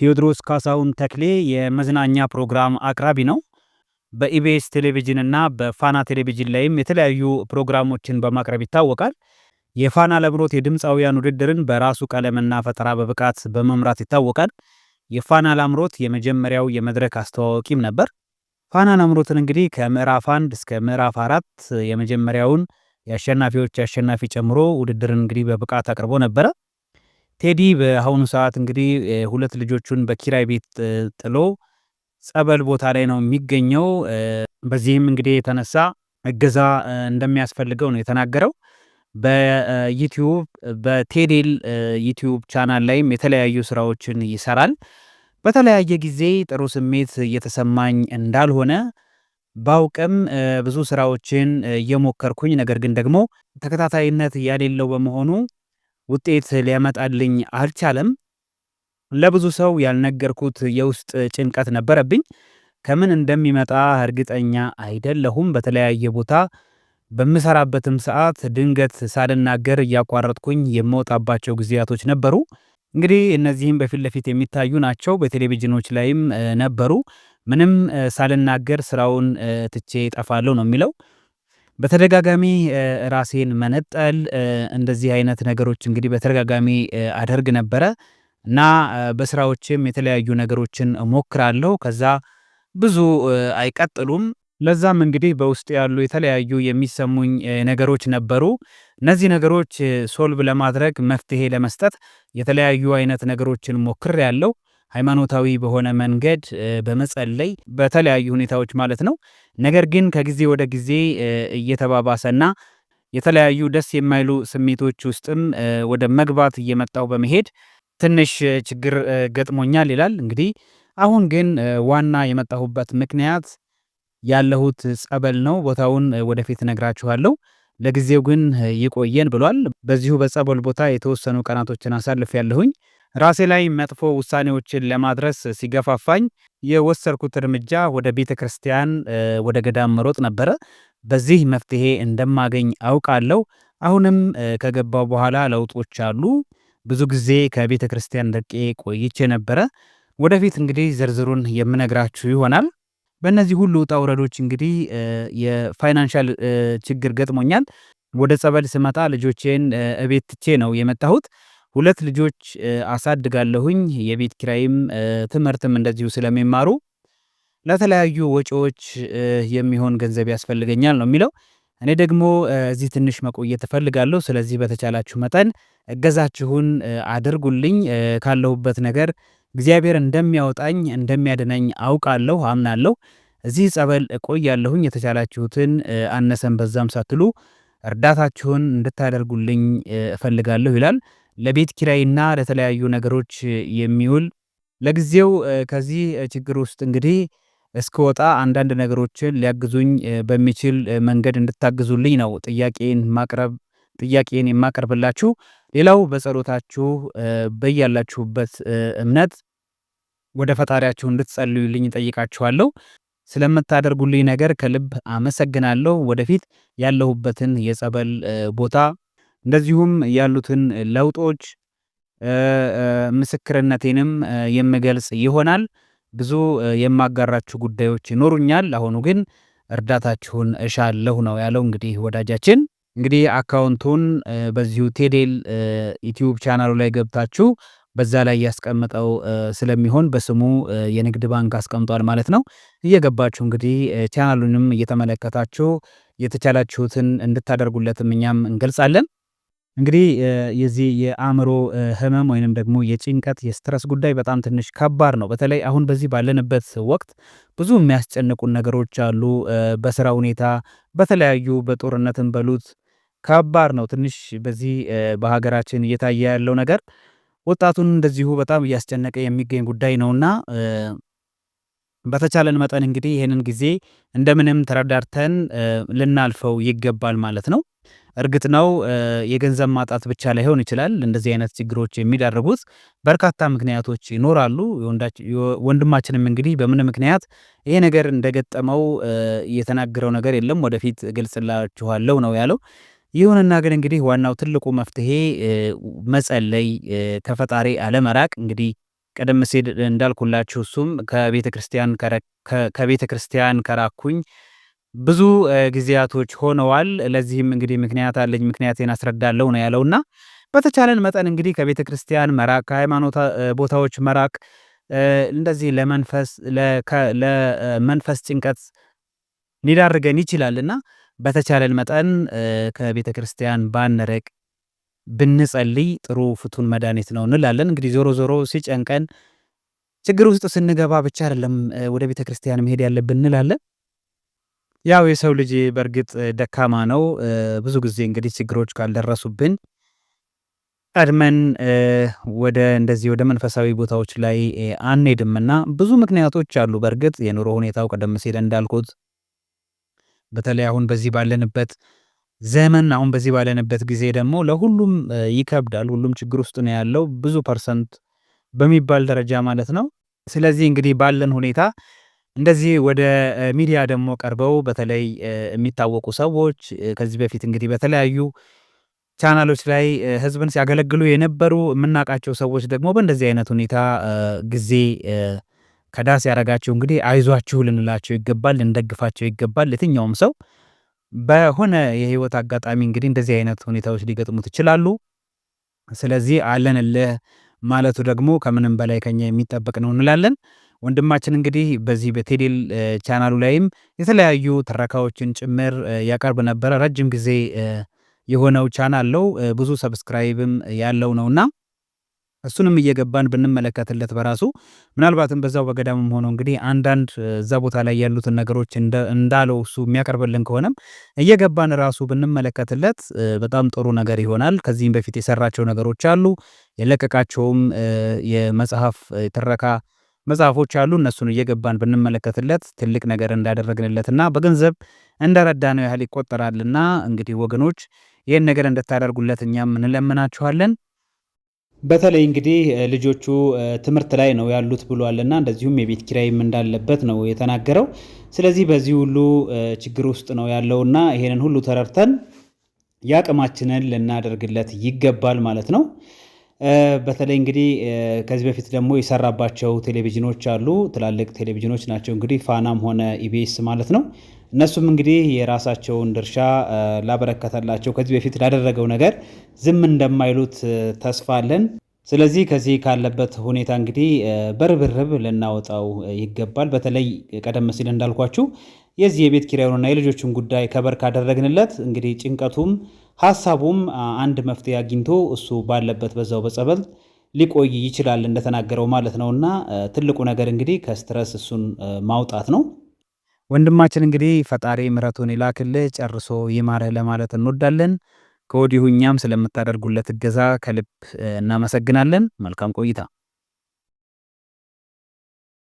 ቴዎድሮስ ካሳሁን ተክሌ የመዝናኛ ፕሮግራም አቅራቢ ነው። በኢቢኤስ ቴሌቪዥን እና በፋና ቴሌቪዥን ላይም የተለያዩ ፕሮግራሞችን በማቅረብ ይታወቃል። የፋና ለምሮት የድምፃውያን ውድድርን በራሱ ቀለምና ፈጠራ በብቃት በመምራት ይታወቃል። የፋና ላምሮት የመጀመሪያው የመድረክ አስተዋዋቂም ነበር። ፋና ላምሮትን እንግዲህ ከምዕራፍ አንድ እስከ ምዕራፍ አራት የመጀመሪያውን የአሸናፊዎች አሸናፊ ጨምሮ ውድድርን እንግዲህ በብቃት አቅርቦ ነበረ። ቴዲ በአሁኑ ሰዓት እንግዲህ ሁለት ልጆቹን በኪራይ ቤት ጥሎ ጸበል ቦታ ላይ ነው የሚገኘው። በዚህም እንግዲህ የተነሳ እገዛ እንደሚያስፈልገው ነው የተናገረው። በዩቲዩብ በቴዴል ዩቲዩብ ቻናል ላይም የተለያዩ ስራዎችን ይሰራል። በተለያየ ጊዜ ጥሩ ስሜት እየተሰማኝ እንዳልሆነ ባውቅም ብዙ ስራዎችን እየሞከርኩኝ ነገር ግን ደግሞ ተከታታይነት ያሌለው በመሆኑ ውጤት ሊያመጣልኝ አልቻለም። ለብዙ ሰው ያልነገርኩት የውስጥ ጭንቀት ነበረብኝ። ከምን እንደሚመጣ እርግጠኛ አይደለሁም። በተለያየ ቦታ በምሰራበትም ሰዓት ድንገት ሳልናገር እያቋረጥኩኝ የምወጣባቸው ጊዜያቶች ነበሩ። እንግዲህ እነዚህም በፊት ለፊት የሚታዩ ናቸው። በቴሌቪዥኖች ላይም ነበሩ። ምንም ሳልናገር ስራውን ትቼ ጠፋለሁ ነው የሚለው በተደጋጋሚ ራሴን መነጠል እንደዚህ አይነት ነገሮች እንግዲህ በተደጋጋሚ አደርግ ነበረ እና በስራዎችም የተለያዩ ነገሮችን እሞክራለሁ። ከዛ ብዙ አይቀጥሉም። ለዛም እንግዲህ በውስጥ ያሉ የተለያዩ የሚሰሙኝ ነገሮች ነበሩ። እነዚህ ነገሮች ሶልቭ ለማድረግ መፍትሄ ለመስጠት የተለያዩ አይነት ነገሮችን ሞክር ያለው። ሃይማኖታዊ በሆነ መንገድ በመጸለይ በተለያዩ ሁኔታዎች ማለት ነው። ነገር ግን ከጊዜ ወደ ጊዜ እየተባባሰና የተለያዩ ደስ የማይሉ ስሜቶች ውስጥም ወደ መግባት እየመጣው በመሄድ ትንሽ ችግር ገጥሞኛል ይላል። እንግዲህ አሁን ግን ዋና የመጣሁበት ምክንያት ያለሁት ጸበል ነው። ቦታውን ወደፊት እነግራችኋለሁ። ለጊዜው ግን ይቆየን ብሏል። በዚሁ በጸበል ቦታ የተወሰኑ ቀናቶችን አሳልፍ ያለሁኝ ራሴ ላይ መጥፎ ውሳኔዎችን ለማድረስ ሲገፋፋኝ የወሰድኩት እርምጃ ወደ ቤተ ክርስቲያን ወደ ገዳም መሮጥ ነበረ። በዚህ መፍትሄ እንደማገኝ አውቃለሁ። አሁንም ከገባው በኋላ ለውጦች አሉ። ብዙ ጊዜ ከቤተ ክርስቲያን ደርቄ ቆይቼ ነበረ። ወደፊት እንግዲህ ዝርዝሩን የምነግራችሁ ይሆናል። በእነዚህ ሁሉ ውጣ ውረዶች እንግዲህ የፋይናንሻል ችግር ገጥሞኛል። ወደ ጸበል ስመጣ ልጆቼን እቤት ትቼ ነው የመጣሁት። ሁለት ልጆች አሳድጋለሁኝ። የቤት ኪራይም ትምህርትም እንደዚሁ ስለሚማሩ ለተለያዩ ወጪዎች የሚሆን ገንዘብ ያስፈልገኛል ነው የሚለው። እኔ ደግሞ እዚህ ትንሽ መቆየት እፈልጋለሁ። ስለዚህ በተቻላችሁ መጠን እገዛችሁን አድርጉልኝ። ካለሁበት ነገር እግዚአብሔር እንደሚያወጣኝ እንደሚያድነኝ አውቃለሁ፣ አምናለሁ። እዚህ ጸበል እቆያለሁኝ። የተቻላችሁትን አነሰን በዛም ሳትሉ እርዳታችሁን እንድታደርጉልኝ እፈልጋለሁ ይላል። ለቤት ኪራይና ለተለያዩ ነገሮች የሚውል ለጊዜው ከዚህ ችግር ውስጥ እንግዲህ እስክወጣ አንዳንድ ነገሮችን ሊያግዙኝ በሚችል መንገድ እንድታግዙልኝ ነው ጥያቄን ማቅረብ ጥያቄን የማቀርብላችሁ። ሌላው በጸሎታችሁ በያላችሁበት እምነት ወደ ፈጣሪያችሁ እንድትጸልዩልኝ ጠይቃችኋለሁ። ስለምታደርጉልኝ ነገር ከልብ አመሰግናለሁ። ወደፊት ያለሁበትን የጸበል ቦታ እንደዚሁም ያሉትን ለውጦች ምስክርነቴንም የምገልጽ ይሆናል። ብዙ የማጋራችሁ ጉዳዮች ይኖሩኛል። አሁኑ ግን እርዳታችሁን እሻለሁ ነው ያለው። እንግዲህ ወዳጃችን እንግዲህ አካውንቱን በዚሁ ቴዴል ዩቲዩብ ቻናሉ ላይ ገብታችሁ በዛ ላይ ያስቀምጠው ስለሚሆን በስሙ የንግድ ባንክ አስቀምጧል ማለት ነው። እየገባችሁ እንግዲህ ቻናሉንም እየተመለከታችሁ የተቻላችሁትን እንድታደርጉለትም እኛም እንገልጻለን። እንግዲህ የዚህ የአእምሮ ህመም ወይንም ደግሞ የጭንቀት የስትረስ ጉዳይ በጣም ትንሽ ከባድ ነው። በተለይ አሁን በዚህ ባለንበት ወቅት ብዙ የሚያስጨንቁን ነገሮች አሉ። በስራ ሁኔታ፣ በተለያዩ በጦርነትን በሉት ከባድ ነው። ትንሽ በዚህ በሀገራችን እየታየ ያለው ነገር ወጣቱን እንደዚሁ በጣም እያስጨነቀ የሚገኝ ጉዳይ ነውና በተቻለን መጠን እንግዲህ ይህንን ጊዜ እንደምንም ተረዳርተን ልናልፈው ይገባል ማለት ነው። እርግጥ ነው የገንዘብ ማጣት ብቻ ላይሆን ይችላል። እንደዚህ አይነት ችግሮች የሚዳርጉት በርካታ ምክንያቶች ይኖራሉ። ወንድማችንም እንግዲህ በምን ምክንያት ይሄ ነገር እንደገጠመው የተናገረው ነገር የለም። ወደፊት እገልጽላችኋለሁ ነው ያለው። ይሁንና ግን እንግዲህ ዋናው ትልቁ መፍትሄ መጸለይ፣ ከፈጣሪ አለመራቅ እንግዲህ ቀደም ሲል እንዳልኩላችሁ እሱም ከቤተ ክርስቲያን ከራኩኝ ብዙ ጊዜያቶች ሆነዋል። ለዚህም እንግዲህ ምክንያት አለኝ፣ ምክንያቴን አስረዳለሁ ነው ያለውና በተቻለን መጠን እንግዲህ ከቤተ ክርስቲያን መራቅ፣ ከሃይማኖት ቦታዎች መራቅ እንደዚህ ለመንፈስ ጭንቀት ሊዳርገን ይችላልና በተቻለን መጠን ከቤተ ክርስቲያን ባንርቅ ብንጸልይ ጥሩ ፍቱን መድኃኒት ነው እንላለን። እንግዲህ ዞሮ ዞሮ ሲጨንቀን ችግር ውስጥ ስንገባ ብቻ አይደለም ወደ ቤተ ክርስቲያን መሄድ ያለብን እንላለን። ያው የሰው ልጅ በእርግጥ ደካማ ነው። ብዙ ጊዜ እንግዲህ ችግሮች ካልደረሱብን ቀድመን ወደ እንደዚህ ወደ መንፈሳዊ ቦታዎች ላይ አንሄድምና ብዙ ምክንያቶች አሉ። በእርግጥ የኑሮ ሁኔታው ቀደም ሲል እንዳልኩት በተለይ አሁን በዚህ ባለንበት ዘመን አሁን በዚህ ባለንበት ጊዜ ደግሞ ለሁሉም ይከብዳል። ሁሉም ችግር ውስጥ ነው ያለው ብዙ ፐርሰንት በሚባል ደረጃ ማለት ነው። ስለዚህ እንግዲህ ባለን ሁኔታ እንደዚህ ወደ ሚዲያ ደግሞ ቀርበው በተለይ የሚታወቁ ሰዎች ከዚህ በፊት እንግዲህ በተለያዩ ቻናሎች ላይ ህዝብን ሲያገለግሉ የነበሩ የምናውቃቸው ሰዎች ደግሞ በእንደዚህ አይነት ሁኔታ ጊዜ ከዳስ ያደረጋቸው እንግዲህ አይዟችሁ ልንላቸው ይገባል፣ ልንደግፋቸው ይገባል የትኛውም ሰው በሆነ የህይወት አጋጣሚ እንግዲህ እንደዚህ አይነት ሁኔታዎች ሊገጥሙት ይችላሉ። ስለዚህ አለንልህ ማለቱ ደግሞ ከምንም በላይ ከኛ የሚጠበቅ ነው እንላለን። ወንድማችን እንግዲህ በዚህ በቴሌል ቻናሉ ላይም የተለያዩ ትረካዎችን ጭምር ያቀርብ ነበረ። ረጅም ጊዜ የሆነው ቻናል ነው፣ ብዙ ሰብስክራይብም ያለው ነውና እሱንም እየገባን ብንመለከትለት በራሱ ምናልባትም በዛው በገዳምም ሆኖ እንግዲህ አንዳንድ እዛ ቦታ ላይ ያሉትን ነገሮች እንዳለው እሱ የሚያቀርብልን ከሆነም እየገባን ራሱ ብንመለከትለት በጣም ጥሩ ነገር ይሆናል። ከዚህም በፊት የሰራቸው ነገሮች አሉ። የለቀቃቸውም የመጽሐፍ ትረካ መጽሐፎች አሉ። እነሱን እየገባን ብንመለከትለት ትልቅ ነገር እንዳደረግንለትና በገንዘብ ነው ያህል ይቆጠራልና እንግዲህ ወገኖች ይህን ነገር እንድታደርጉለት እኛም እንለምናችኋለን። በተለይ እንግዲህ ልጆቹ ትምህርት ላይ ነው ያሉት ብሏል እና እንደዚሁም የቤት ኪራይም እንዳለበት ነው የተናገረው። ስለዚህ በዚህ ሁሉ ችግር ውስጥ ነው ያለው እና ይሄንን ሁሉ ተረድተን የአቅማችንን ልናደርግለት ይገባል ማለት ነው። በተለይ እንግዲህ ከዚህ በፊት ደግሞ የሰራባቸው ቴሌቪዥኖች አሉ። ትላልቅ ቴሌቪዥኖች ናቸው እንግዲህ ፋናም ሆነ ኢቢኤስ ማለት ነው። እነሱም እንግዲህ የራሳቸውን ድርሻ ላበረከተላቸው ከዚህ በፊት ላደረገው ነገር ዝም እንደማይሉት ተስፋ አለን። ስለዚህ ከዚህ ካለበት ሁኔታ እንግዲህ በርብርብ ልናወጣው ይገባል። በተለይ ቀደም ሲል እንዳልኳችሁ የዚህ የቤት ኪራዩንና የልጆችን ጉዳይ ከበር ካደረግንለት እንግዲህ ጭንቀቱም ሀሳቡም አንድ መፍትሄ አግኝቶ እሱ ባለበት በዛው በጸበል ሊቆይ ይችላል እንደተናገረው ማለት ነው። እና ትልቁ ነገር እንግዲህ ከስትረስ እሱን ማውጣት ነው። ወንድማችን እንግዲህ ፈጣሪ ምረቱን ይላክልህ ጨርሶ ይማርህ ለማለት እንወዳለን። ከወዲሁ እኛም ስለምታደርጉለት እገዛ ከልብ እናመሰግናለን። መልካም ቆይታ